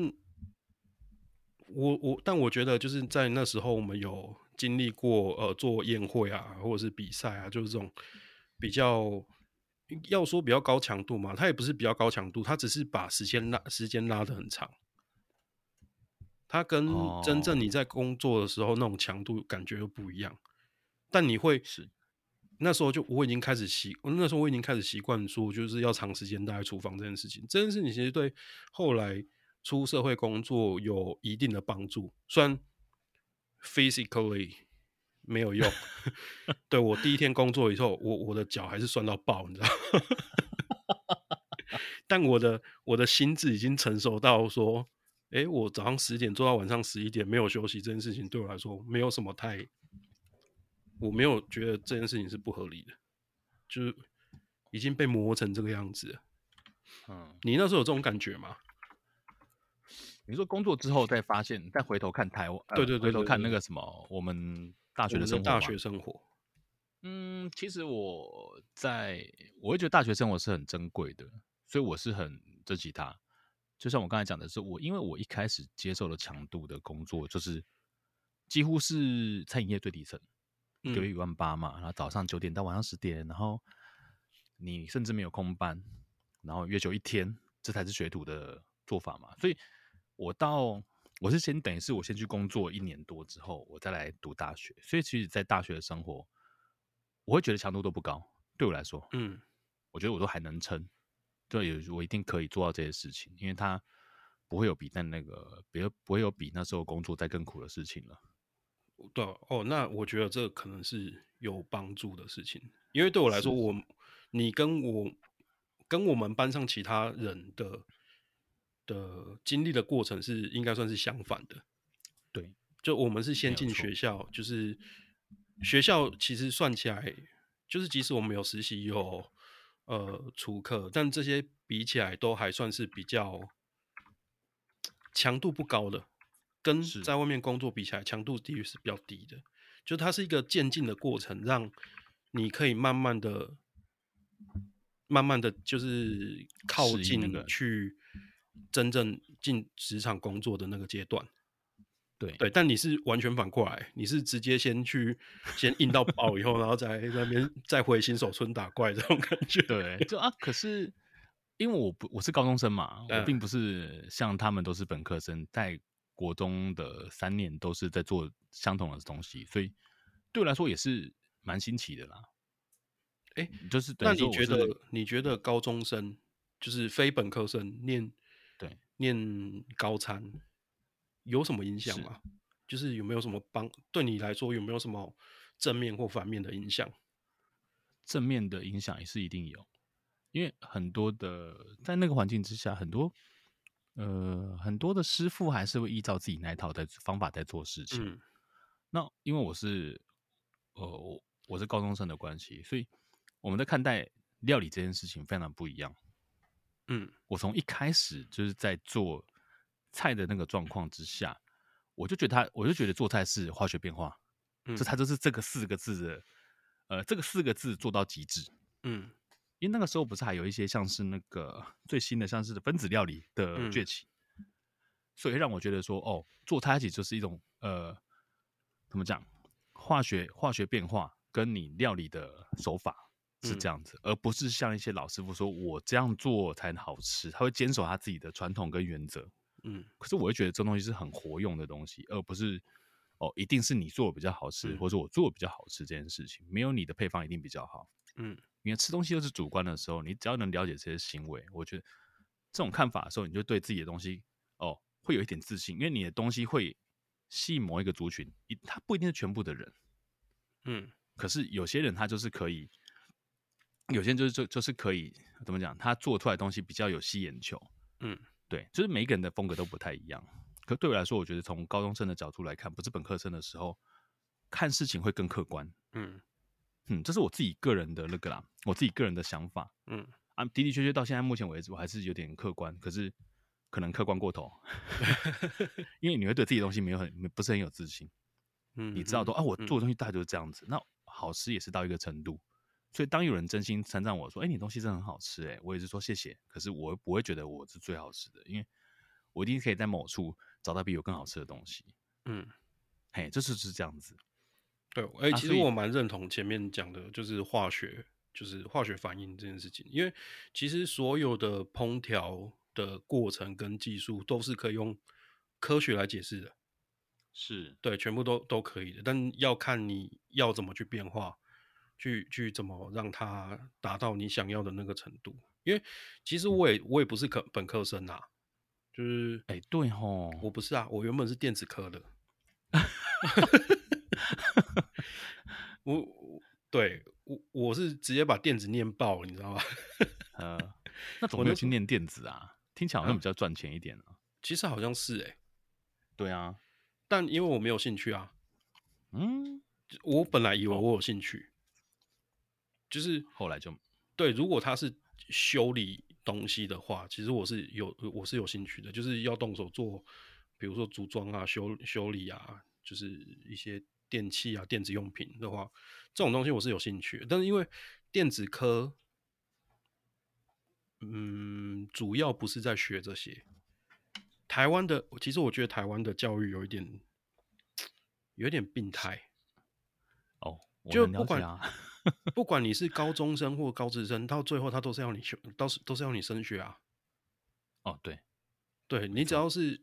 我我但我覺得就是在那時候，我們有經歷過呃做宴會啊，或者是比賽啊，就是這種比較要說比較高強度嘛，它也不是比較高強度，它只是把時間拉時間拉得很長，它跟真正你在工作的時候那種強度感覺又不一樣。但你會是那時候就我已經開始習那時候我已經開始習慣說就是要長時間待在廚房這件事情，這件事情其實對後來。出社會工作有一定的幫助，雖然 physically 沒有用。 對，我第一天工作以後，我我的腳還是酸到爆，你知道嗎？ 但我的我的心智已經成熟到說，誒、欸，我早上十點做到晚上十一點，沒有休息，這件事情對我來說沒有什麼太，我沒有覺得這件事情是不合理的，就是已經被磨成這個樣子了。嗯，你那時候有這種感覺嗎？你說工作之後再發現，再回頭看台灣，呃、對，對，對對對，回頭看那個什麼，我們大學的生活。大學生活。嗯，其實我在，我會覺得大學生活是很珍貴的，所以我是很珍惜它。就像我剛才講的是，我因為我一開始接受了強度的工作，就是幾乎是餐飲業最底層，一個月一萬八嘛，嗯、然後早上九點到晚上十點，然後你甚至沒有空班，然後月休一天，這才是學徒的做法嘛，所以。我到我是先等於是我先去工作一年多之後，我再來讀大學。所以其實，在大學的生活，我會覺得強度都不高。對我來說，嗯，我覺得我都還能撐。對，有、嗯、我一定可以做到這些事情，因為他不會有比在那個，別，不會有比那時候工作再更苦的事情了。對、啊、哦，那我覺得這可能是有幫助的事情，因為對我來說，是是我你跟我跟我們班上其他人的。的經歷的過程是應該算是相反的，對，就我們是先進學校，就是學校其實算起來，就是即使我們有實習有、嗯、呃除課，但這些比起來都還算是比較強度不高的，跟在外面工作比起來，強度低於是比較低的，是就它是一個漸進的過程，讓你可以慢慢的、慢慢的就是靠近去，真正進職場工作的那個階段，對對，但你是完全反過來，你是直接先去先硬到爆，以後， 然後在那邊再回新手村打怪這種感覺，對，就啊， 可是因為我不我是高中生嘛，我並不是像他們都是本科生，在國中的三年都是在做相同的東西，所以對我來說也是蠻新奇的啦。誒、欸，就是，是、欸、那你覺得你覺得高中生就是非本科生念。對，念高餐有什麼影響嗎？就是有沒有什麼幫對你來說有沒有什麼正面或反面的影響？正面的影響也是一定有，因為很多的在那個環境之下，很多呃很多的師傅還是會依照自己那一套的方法在做事情。嗯、那因為我是呃我我是高中生的關係，所以我們在看待料理這件事情非常不一樣。嗯，我從一開始就是在做菜的那個狀況之下，我就覺得他，我就覺得做菜是化學變化，嗯，就他就是這個四個字的，呃，這個四個字做到極致，嗯，因為那個時候不是還有一些像是那個最新的像是分子料理的崛起，嗯，所以讓我覺得說，哦，做菜其實就是一種呃，怎麼講，化學化學變化跟你料理的手法。是這樣子，而不是像一些老師傅說“我這樣做才好吃”，他會堅守他自己的傳統跟原則。嗯，可是我會覺得這東西是很活用的東西，而不是哦，一定是你做的比較好吃，嗯、或者我做的比較好吃這件事情，沒有你的配方一定比較好。嗯，因為吃東西都是主觀的時候，你只要能了解這些行為，我覺得這種看法的時候，你就對自己的東西哦會有一點自信，因為你的東西會吸引某一個族群，一它不一定是全部的人。嗯，可是有些人他就是可以。有些人就是就就是可以怎麼講，他做出來的東西比較有吸引眼球，嗯，對，就是每個人的風格都不太一樣。可對我來說，我覺得從高中生的角度來看，不是本科生的時候看事情會更客觀，嗯，嗯，這是我自己個人的那個啦，我自己個人的想法，嗯，啊的的確確到現在目前為止，我還是有點客觀，可是可能客觀過頭， 因為你會對自己的東西沒有很不是很有自信，嗯，你知道說，啊，我做的東西大概就是這樣子，嗯、那好吃也是到一個程度。所以，當有人真心稱讚我說：“哎、欸，你東西真的很好吃欸！”哎，我也是說謝謝。可是，我不會覺得我是最好吃的，因為我一定可以在某處找到比我更好吃的東西。嗯，嘿，這，就是是這樣子。對，哎、欸，啊，其實我蠻認同前面講的，就是化學，就是化學反應這件事情。因為其實所有的烹調的過程跟技術都是可以用科學來解釋的。是，對，全部都都可以的，但要看你要怎麼去變化。去去怎麼讓他達到你想要的那個程度？因為其實我也我也不是科本科生啊，就是哎對吼，我不是啊，我原本是電子科的，欸、對 我對我我是直接把電子念爆，你知道吧？ 呃，那怎麼沒有去念電子啊，聽起來好像比較賺錢一點呢？、啊。其實好像是誒、欸，對啊，但因為我沒有興趣啊。嗯，我本來以為我有興趣。就是後來就對，如果他是修理東西的話，其實我是有我是有興趣的，就是要動手做，比如說組裝啊、修修理啊，就是一些電器啊、電子用品的話，這種東西我是有興趣的。但是因為電子科，嗯，主要不是在學這些。台灣的，其實我覺得台灣的教育有一點，有一點病態。哦，我很了解啊。 不管你是高中生或高職生，到最後他都是要你學，都是都是要你升學啊。哦，對，對，你只要是，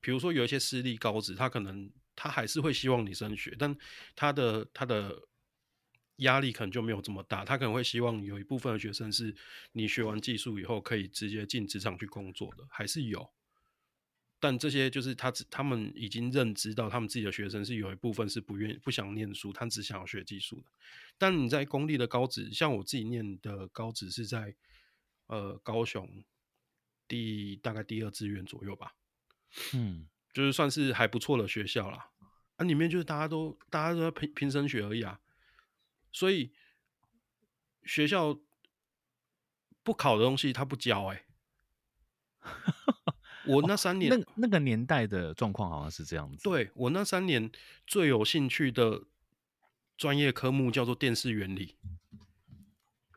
比如說有一些私立高職，他可能他還是會希望你升學，但他的他的壓力可能就沒有這麼大。他可能會希望有一部分的學生是你學完技術以後可以直接進職場去工作的，還是有。但這些就是他，他們已經認知到，他們自己的學生是有一部分是不願意不想念書，他只想要學技術的。但你在公立的高職，像我自己念的高職是在呃高雄第大概第二志願左右吧，嗯，就是算是還不錯的學校啦。啊，裡面就是大家都大家都在拼拼升學而已啊，所以學校不考的東西他不教。哎、欸。 我那三年，哦、那那個年代的狀況好像是這樣子。對，我那三年最有興趣的專業科目叫做電視原理。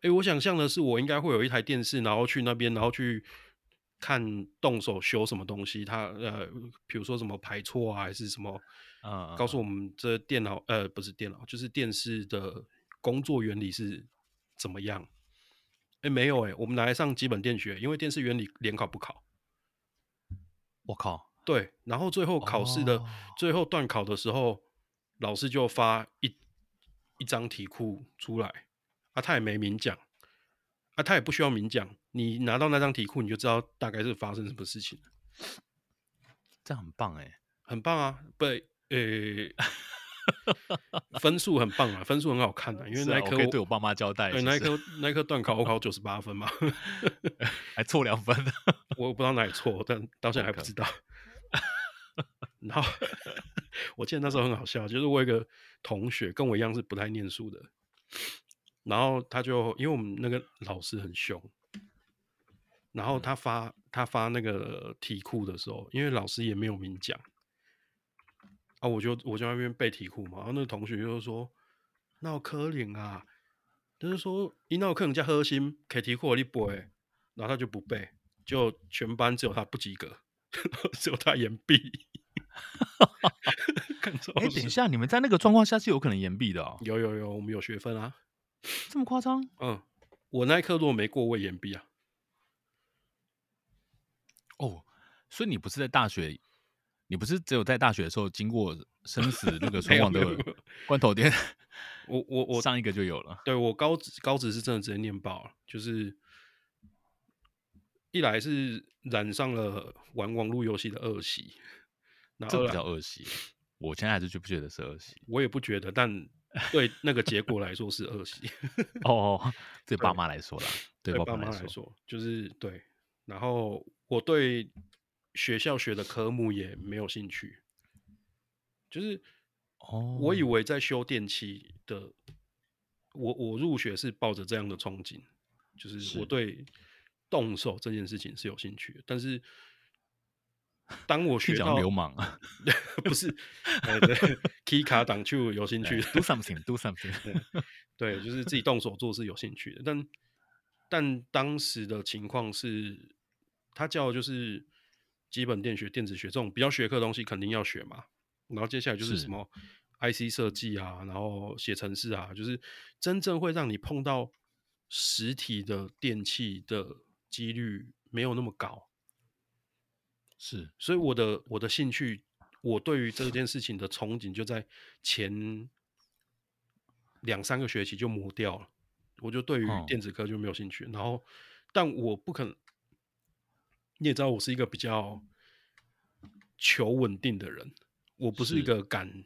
誒，我想象的是我應該會有一台電視，然後去那邊，然後去看動手修什麼東西。他呃，比如說什麼排錯啊，還是什麼啊、嗯？告訴我們這電腦呃，不是電腦，就是電視的工作原理是怎麼樣？誒，沒有誒，我們來上基本電學，因為電視原理聯考不考。我靠，對，然後最後考試的最後段考的時候，哦、老師就發一一張題庫出來，啊，他也沒明講，啊，他也不需要明講，你拿到那張題庫，你就知道大概是發生什麼事情了、嗯、這很棒哎、欸，很棒啊，對，誒、呃。 分數很棒啊，分數很好看的，啊，因為那一可科我，啊，OK, 對我爸媽交代。就是欸，那一科那一科段考，我考九十八分嘛， 還錯錯兩兩分， 我不知道哪裡錯，但到現在還不知道。 然後我記得那時候很好笑，就是我一個同學跟我一樣是不太念書的，然後他就因為我們那個老師很兇，然後他發他發那個題庫的時候，因為老師也沒有明講。啊，我就我就在那邊背題庫嘛，然後那個同學就是說，那好可憐啊，就是說，一那有可能加核心可以題庫，題你背，然後他就不背，就全班只有他不及格，呵呵只有他延畢。哎、 欸 欸，等一下， 你們在那個狀況下是有可能延畢的哦。有有有，我們有學分啊。 這麼誇張？嗯，我那一科如果沒過我也延畢啊。哦，所以你不是在大學？你不是只有在大學的時候經過生死那個存亡的 沒有沒有沒有關頭店？我我我上一個就有了。對，我高職高職是真的直接念爆了，就是一來是染上了玩網絡遊戲的惡習，那二來惡習，我現在還是覺不覺得是惡習？我也不覺得，但對那個結果來說是惡習。哦，哦，對爸媽來說啦，對爸媽來說就是對，然後我對。學校學的科目也沒有興趣，是就是，哦，我以為在修電器的，哦、我我入學是抱着這樣的憧憬，就是我對動手這件事情是有興趣的，但是當我學到流氓啊， 不是，key card 檔就有興趣 right，do something，do something，, do something. 對，就是自己動手做是有興趣的，但但當時的情況是，他叫就是。基本電學、電子學這種比較學科的東西肯定要學嘛，然後接下來就是什麼 IC 設計啊，然後寫程式啊，就是真正會讓你碰到實體的電器的幾率沒有那麼高。是，所以我的我的興趣，我對於這件事情的憧憬就在前兩三個學期就磨掉了，我就對於電子科就沒有興趣。哦、然後，但我不可能。你也知道我是一個比較求穩定的人，我不是一個敢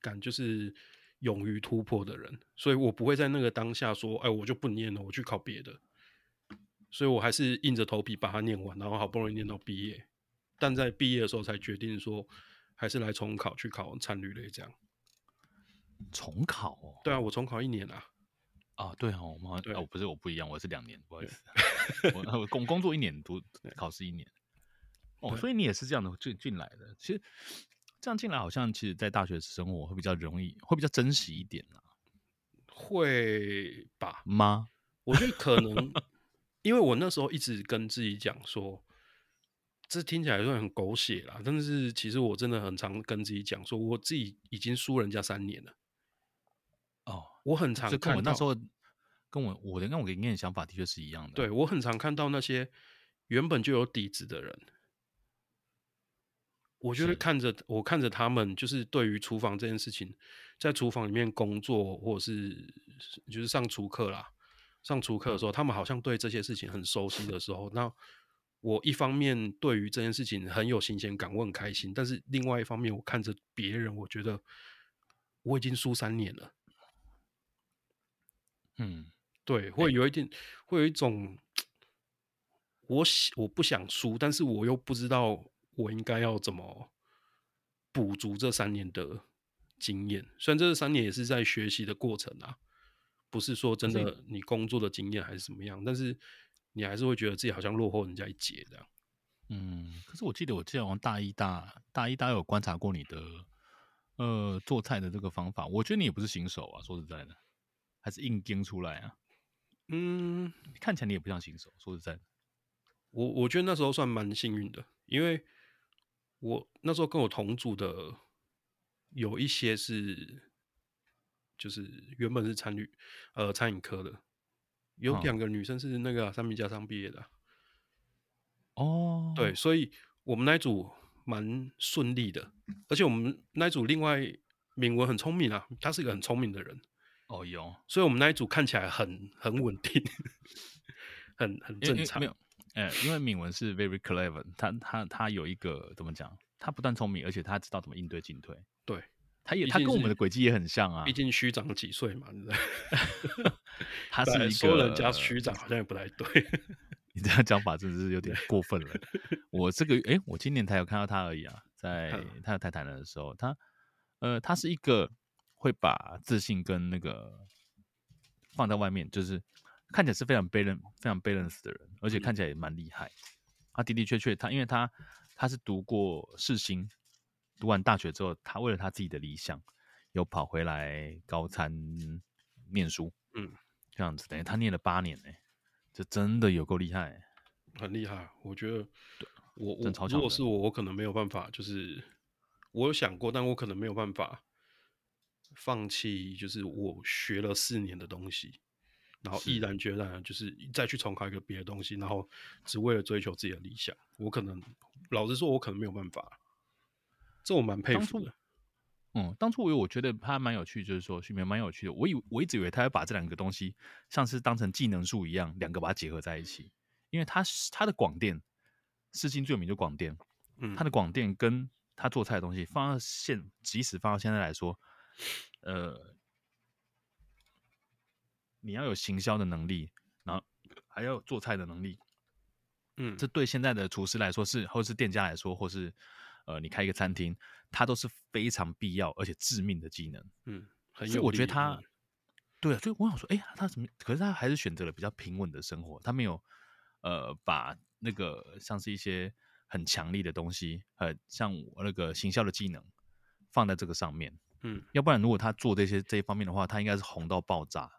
敢就是勇於突破的人，所以我不會在那個當下說，哎，我就不念了，我去考別的。所以我還是硬着頭皮把它念完，然後好不容易念到畢業，但在畢業的時候才決定說，還是來重考，去考餐旅類這樣。重考哦？對啊，我重考一年啊。啊、哦，對啊、哦，我們好，對，我、哦、不是，我不一樣，我是兩年，不好意思， 我工工作一年多，考試一年。哦，所以你也是這樣的進進來的，其實這樣進來好像其實，在大學生活會比較容易，會比較真實一點啦、啊。會吧媽，我覺得可能， 因為我那時候一直跟自己講說，這聽起來就很狗血啦，但是其實我真的很常跟自己講說，我自己已經輸人家三年了。我很常看到，跟我我那我理念的想法的確是一樣的。對，我很常看到那些原本就有底子的人，我就是看着我看着他們，就是對於廚房這件事情，在廚房裡面工作，或者是就是上廚課啦，上廚課的時候，他們好像對這些事情很熟悉的時候，那我一方面對於這件事情很有新鮮感，我很開心，但是另外一方面，我看着別人，我覺得我已經輸三年了。嗯，對，會有一點，欸、會有一種，我我不想輸，但是我又不知道我應該要怎麼補足這三年的經驗。雖然這三年也是在學習的過程啊，不是說真的你工作的經驗還是怎麼樣，是但是你還是會覺得自己好像落後人家一截這樣。嗯，可是我記得我之前好像大一大大一、大二有觀察過你的呃做菜的這個方法，我覺得你也不是新手啊，說實在的。還是硬撐出來啊！嗯，看起來你也不像新手。說實在的，我我覺得那時候算蠻幸運的，因為我那時候跟我同組的有一些是，就是原本是餐飲呃餐飲科的，有兩個女生是那個、啊哦、三明家商畢業的、啊。哦，對，所以我們那一組蠻順利的，而且我們那一組另外敏文很聰明啊，他是一個很聰明的人。哦、oh, 有，所以我們那一組看起來很很穩定， 很很正常。沒有哎，因為敏文是 very clever，他他他有一個怎麼講？他不但聰明，而且他知道怎麼應對進退。對，他也他跟我們的軌跡也很像啊。畢竟虛長幾歲嘛，你知道。 他是你一 說人家虛長好像也不太對， 你這樣講法真的是有點過分了。 我這個哎、欸，我今年才有看到他而已啊，在他的台南人的時候，他呃他是一個。會把自信跟那個放在外面，就是看起來是非常 balance、非常 balance 的人，而且看起來也蠻厲害。他、嗯啊、的的確確他，他因為他他是讀過世新，讀完大學之後，他為了他自己的理想，又跑回來高餐唸書。嗯，這樣子等於他念了八年呢、欸，這真的有夠厲害、欸。很厲害，我覺得。對，我我如果是我，我可能沒有辦法。就是我有想過，但我可能沒有辦法。放棄就是我學了四年的東西，然後毅然決然就是再去重考一個別的東西，然後只為了追求自己的理想。我可能老實說，我可能沒有辦法。這我蠻佩服的。的。嗯，當初我以為我覺得他蠻有趣，就是說，其實蠻有趣的。我以為我一直以為他要把這兩個東西像是當成技能樹一樣，兩個把它結合在一起。因為他是他的廣電，世新最有名就廣電，嗯，他的廣電跟他做菜的東西，放到現即使放到現在來說。呃，你要有行銷的能力，然後還要有做菜的能力，嗯，這對現在的廚師來說是，或是店家來說，或是呃，你開一個餐廳，它都是非常必要而且致命的技能，嗯，所以我覺得他，對啊，所以我想說，哎、欸、呀，他怎麼？可是他還是選擇了比較平穩的生活，他沒有呃，把那個像是一些很強力的東西，呃，像我那個行銷的技能放在這個上面。嗯，要不然如果他做這些這一方面的話，他應該是紅到爆炸。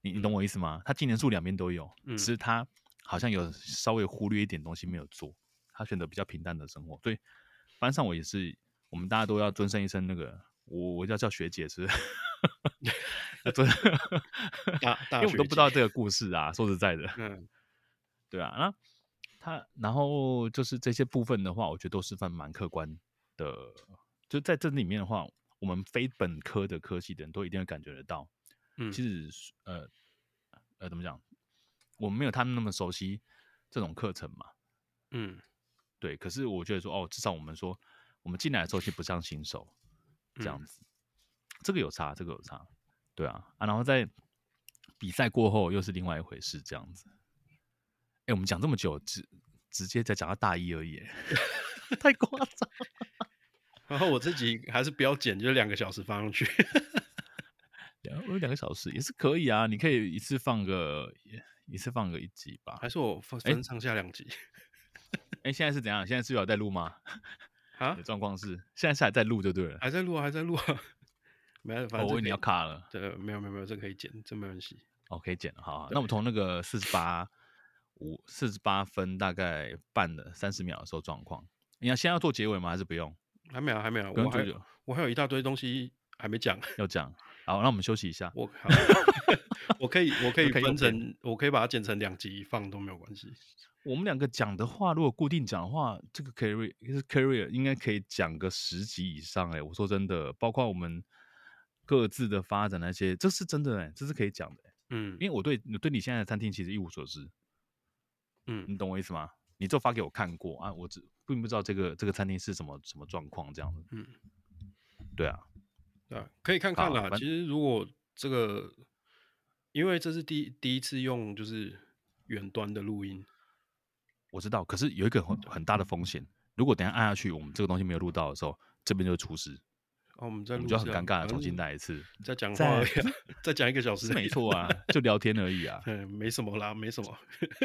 你你懂我意思嗎？嗯、他技能樹兩邊都有、嗯，只是他好像有稍微忽略一點東西沒有做，他選擇比較平淡的生活。所以班上我也是，我們大家都要尊稱一聲那個，我我叫叫學姐是不是，哈哈哈哈哈， 啊、 因為我們都不知道這個故事啊。說實在的，嗯、對啊，那、啊、他然後就是這些部分的話，我覺得都是算蠻客觀的，就在這裡面的話。我們非本科的科系的人都一定會感覺得到，嗯、其實呃呃，怎麼講，我們沒有他們那麼熟悉這種課程嘛，嗯，對。可是我覺得說，哦，至少我們說，我們進來的時候是不像新手這樣子、嗯，這個有差，這個有差，對啊，啊然後在比賽過後又是另外一回事，這樣子。哎、欸，我們講這麼久，直直接在講到大一而已， 太誇張了。然後我自己還是不要剪，就兩個小時放上去。哈，我有兩個小時也是可以啊，你可以一次放個一次放個一集吧。還是我分上、欸、下兩集？哎、 欸，現在是怎樣？現在是要在錄嗎？啊？狀、欸、況是現在是還在錄就對了，還在錄啊，還在錄啊。沒、喔，我問你要卡了。對，沒有沒有沒有，這可以剪，這沒關係。哦、喔，可以剪，好、啊。那我們從那個四十八五四十八分大概半的三十秒的時候狀況， 你要先要做結尾嗎？還是不用？還沒有、啊，還沒有、啊。我還我還有一大堆東西還沒講， 要講。好，那我們休息一下。 我好笑我可以我可以分成，我可以把它剪成兩集一放都沒有關係。我們兩個講的話，如果固定講的話，這個 career career 應該可以講個十集以上哎、欸。我說真的，包括我們各自的發展那些，這是真的哎、欸，這是可以講的。嗯，因為我對對你現在的餐廳其實一無所知。嗯，你懂我意思嗎？你這發給我看過啊，我只。並不知道這個這個餐廳是什麼什麼狀況，這樣子，嗯，對啊，對啊，可以看看了。其實如果這個，因為這是第第一次用，就是遠端的錄音，我知道。可是有一個很很大的風險、嗯，如果等一下按下去，我們這個東西沒有錄到的時候，這邊就出事，哦，我們這邊我們就很尷尬了，重新來一次。再講話、啊，再講 一個小時、啊，沒錯啊，就聊天而已啊，嗯， 沒什麼啦，沒什麼。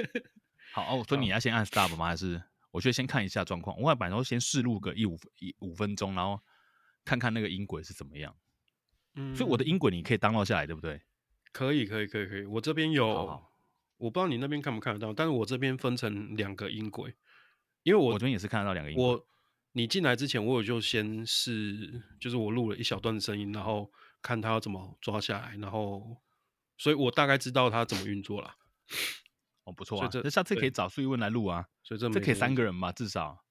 好哦，所以你要先按 stop 嗎？還是？我覺得先看一下狀況，我外板都先試錄個一五一五分鐘，然後看看那個音軌是怎麼樣。嗯，所以我的音軌你可以 download 下來，對不對？可以，可以，可以，可以。我這邊有好好，我不知道你那邊看不看得到，但是我這邊分成兩個音軌，因為我，我這邊也是看得到兩個音軌。我，你進來之前，我我就先試，就是我錄了一小段的聲音，然後看它要怎麼抓下來，然後，所以我大概知道它怎麼運作了。哦，不錯啊，這下次可以找蘇一文來錄啊，所以這這可以三個人吧，至少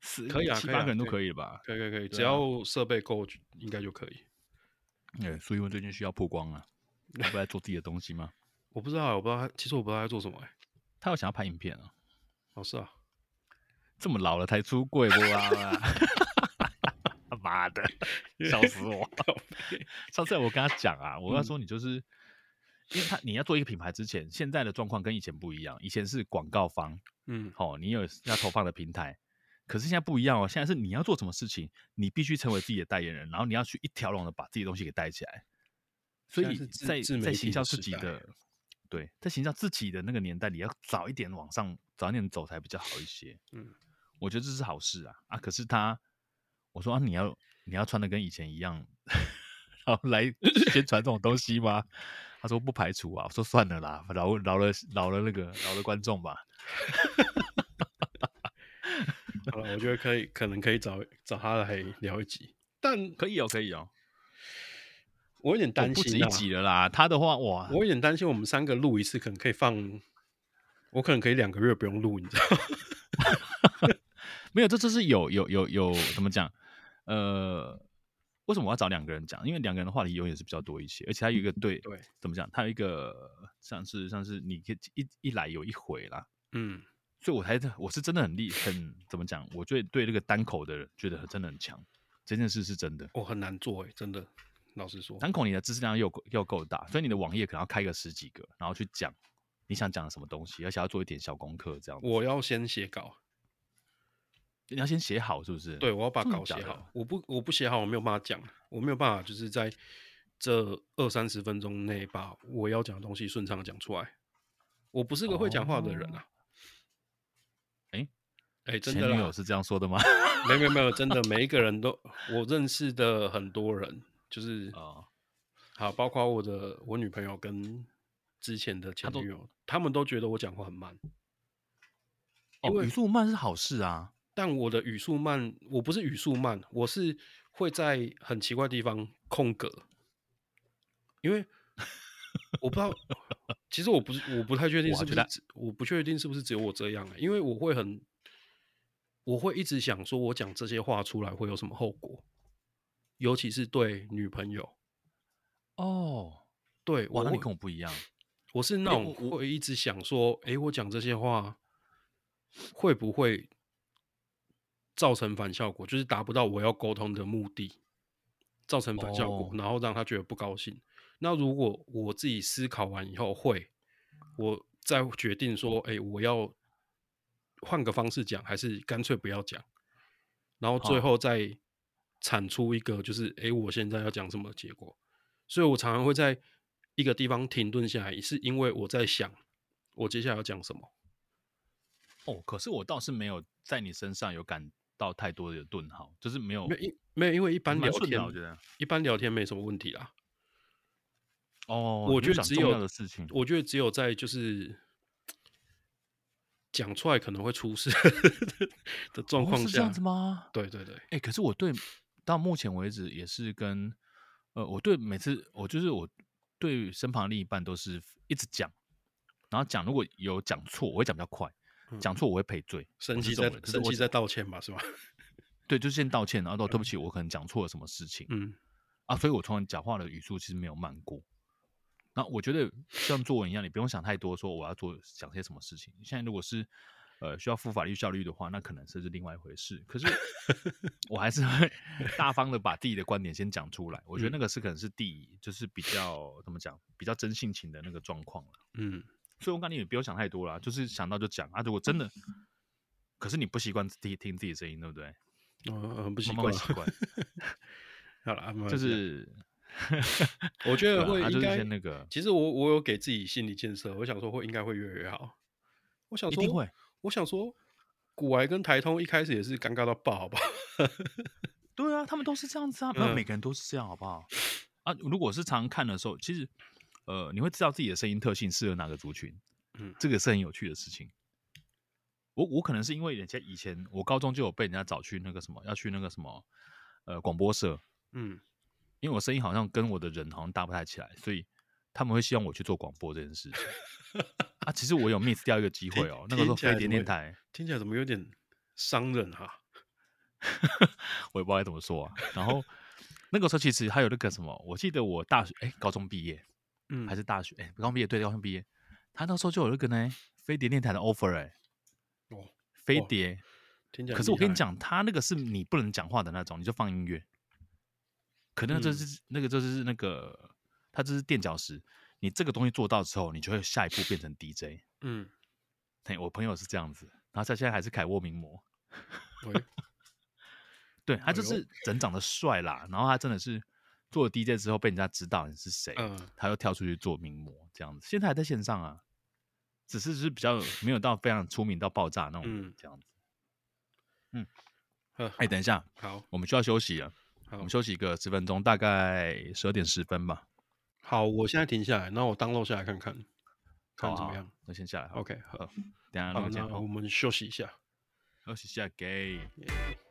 是可、啊、可以啊，七八個人都可以了吧，可以、啊可以啊、可以可以，可以。只要設備夠，應該就可以。對，蘇一文最近需要曝光啊， 他不在做自己的東西嗎？我不知道，我不知道，其實我不知道他在做什麼哎、欸，他有想要拍影片啊，哦是啊，這麼老了才出櫃不啊？媽 的，笑死我！ 上次我跟他講啊，我跟他說你就是。嗯因為他你要做一個品牌之前，現在的狀況跟以前不一樣。以前是廣告方，嗯，好，你有要投放的平台。可是現在不一樣哦，現在是你要做什麼事情，你必須成為自己的代言人，然後你要去一條龍的把自己的東西給帶起來。所以在在行銷自、自、自己的，對，在行銷自己的那個年代你要早一點往上，早一點走才比較好一些。嗯，我覺得這是好事啊啊。可是他，我說啊你，你要你要穿的跟以前一樣，好 來宣傳這種東西嗎？ 他說不排除啊，我說算了啦，老老,老了老了那個老了觀眾吧 好。我覺得可以，可能可以找找他來聊一集，但可以哦、喔，可以哦、喔。我有點擔心，不止一集了啦。他的話，哇，我有點擔心，我們三個錄一次，可能可以放，我可能可以兩個月不用錄，你知道？ 沒有，這次是有有有有怎麼講？呃。為什麼我要找兩個人講？因為兩個人的話題永遠是比較多一些，而且他有一個對，對怎麼講？他有一個像是像是你可以一一來有一回啦，嗯，所以我才我是真的很厲，很 怎麼講？我覺得對這個單口的人覺得真的很強，這件事是真的，我很難做、欸、真的，老實說，單口你的知識量又又夠大，所以你的網頁可能要開個十幾個，然後去講你想講的什麼東西，而且要做一點小功課這樣。我要先寫稿。你要先寫好，是不是？對，我要把稿寫好。我不，我不寫好，我沒有辦法講。我沒有辦法，就是在這二三十分鐘內，把我要講的東西順暢的講出來。我不是個會講話的人啊。哎、哦，哎、欸欸，真的，前女友是這樣說的嗎？ 沒有，沒有，沒有，真的，每一個人都， 我認識的很多人，就是啊、哦，好，包括我的我女朋友跟之前的前女友，他，都他們都覺得我講話很慢。哦，語速慢是好事啊。但我的語速慢，我不是語速慢，我是會在很奇怪的地方空格，因為我不知道， 其實我不是，我不太確定是不是，我不確定是不是只有我這樣、欸，因為我會很，我會一直想說我講這些話出來會有什麼後果，尤其是對女朋友。哦，對，我的你跟我不一樣，我是那種會、欸、一直想說，誒、欸，我講這些話會不會？造成反效果，就是達不到我要溝通的目的，造成反效果，oh. 然後讓他覺得不高興。那如果我自己思考完以後會，會我再決定說，哎、oh.，我要換個方式講，還是乾脆不要講，然後最後再產出一個，就是哎、oh.，我現在要講什麼結果。所以，我常常會在一個地方停頓下來，是因為我在想，我接下來要講什麼。哦、oh,，可是我倒是沒有在你身上有感到太多的頓號，就是沒有沒沒有，因為一般聊天，我覺得一般聊天沒什麼問題啦。哦、oh,，我覺得只有這樣的事情，我覺得只有在就是講出來可能會出事 的狀況下，oh, 是這樣子嗎？對對對，哎、欸，可是我對到目前為止也是跟呃，我對每次我就是我對身旁另一半都是一直講，然後講如果有講錯，我會講比較快。講錯我會賠罪，嗯、生氣在生氣在道歉嘛，是吧？對，就先道歉，然後說對不起，我可能講錯了什麼事情。嗯，啊，所以我從講話的語速其實沒有慢過。那我覺得像作文一樣，你不用想太多，說我要做講些什麼事情。現在如果是呃需要負法律效率的話，那可能是另外一回事。可是我還是會大方的把自己的觀點先講出來、嗯。我覺得那個是可能是第一，就是比較怎麼講，比較真性情的那個狀況嗯。所以，我剛才也不要想太多啦，就是想到就講啊。如果真的， 可是你不習慣聽聽自己的聲音，對不對？嗯，不習慣，習慣。 好了，就是， 我覺得會，會應該那個。其實我我有給自己心理建設，我想說會應該會越來越好。我想說，一定會我想說，股癌跟台通一開始也是尷尬到爆，好不好？ 對啊，他們都是這樣子啊，那每個人都是這樣，好不好？嗯、 啊，如果是常看的時候，其實。呃，你會知道自己的聲音特性適合哪個族群，嗯，這個是很有趣的事情。我我可能是因為人家以前我高中就有被人家找去那個什麼，要去那個什麼，呃，廣播社，嗯，因為我聲音好像跟我的人好像搭不太起來，所以他們會希望我去做廣播這件事情。 啊，其實我有 miss 掉一個機會哦，那個時候飛點電、電台，聽起來怎麼有點傷人哈、啊？ 我也不知道怎麼說啊。然後那個時候其實還有那個什麼，我記得我大學哎，高中畢業。嗯，還是大學哎，剛、欸、畢業對，高中畢業，他那時候就有一個呢，飛碟電台的 offer 哎、欸，飛碟，可是我跟你講，他那個是你不能講話的那種，你就放音樂，可能就是、嗯、那個就是那個，他就是墊腳石，你這個東西做到之後，你就會下一步變成 DJ。嗯，嘿，我朋友是這樣子，然後他現在還是凱渥名模，哎、 對，對他就是人長得帥啦，、哎，然後他真的是。做了 DJ 之後被人家知道你是誰、嗯，他又跳出去做名模這樣子，現在還在線上啊，只是只是比較沒有到非常出名到爆炸那種這樣子，嗯，嗯呵，哎、欸，等一下，好，我們需要休息了，好我們休息一個十分鐘，大概十二點十分吧，好，我現在停下來，那我 download 下來看看好好，看怎麼樣，那先下來好，OK，好，等下錄我,我們休息一下，休息一下，Gay。Yeah.